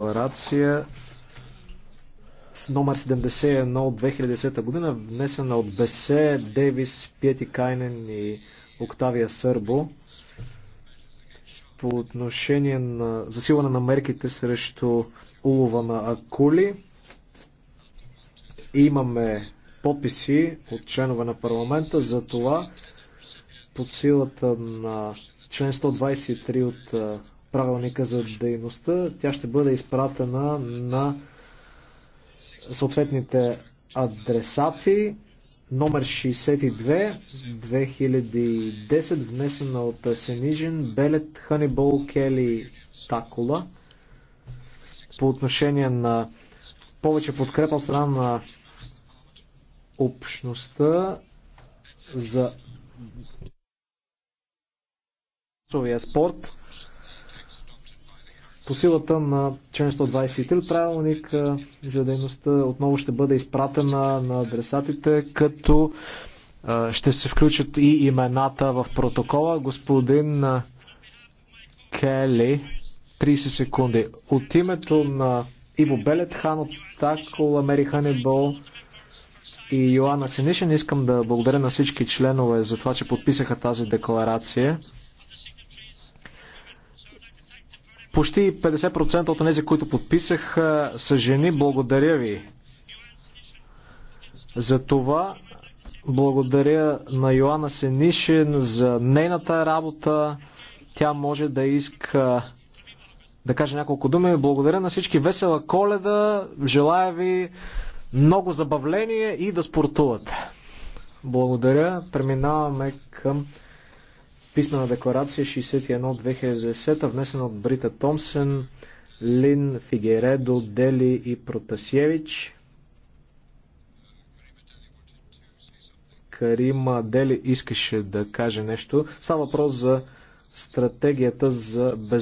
декларация с номер 71 от 2010 година, внесена от Бесе, Дейвис, Пети Кайнен и Октавия Сърбо по отношение на засилване на мерките срещу улова на акули. Имаме подписи от членове на парламента за това под силата на член 123 от правилника за дейността. Тя ще бъде изпратена на съответните адресати. Номер 62 2010, внесена от Сенижин, Белет, Ханибол, Кели, Такола. По отношение на повече подкрепа от страна на общността за масовия спорт. По силата на член 123 правилник за дейността отново ще бъде изпратена на адресатите, като ще се включат и имената в протокола. Господин Кели, 30 секунди. От името на Иво Белетхан от Такол, Мери Ханибол и Йоанна Синишин искам да благодаря на всички членове за това, че подписаха тази декларация. Почти 50% от тези, които подписах, са жени. Благодаря ви. За това благодаря на Йоанна Сенишин за нейната работа. Тя може да иска да каже няколко думи. Благодаря на всички. Весела коледа. Желая ви много забавление и да спортувате. Благодаря. Преминаваме към писмена декларация 61-2010, внесена от Брита Томсен, Лин Фигередо, Дели и Протасевич. Карима Дели искаше да каже нещо. Става въпрос за стратегията за без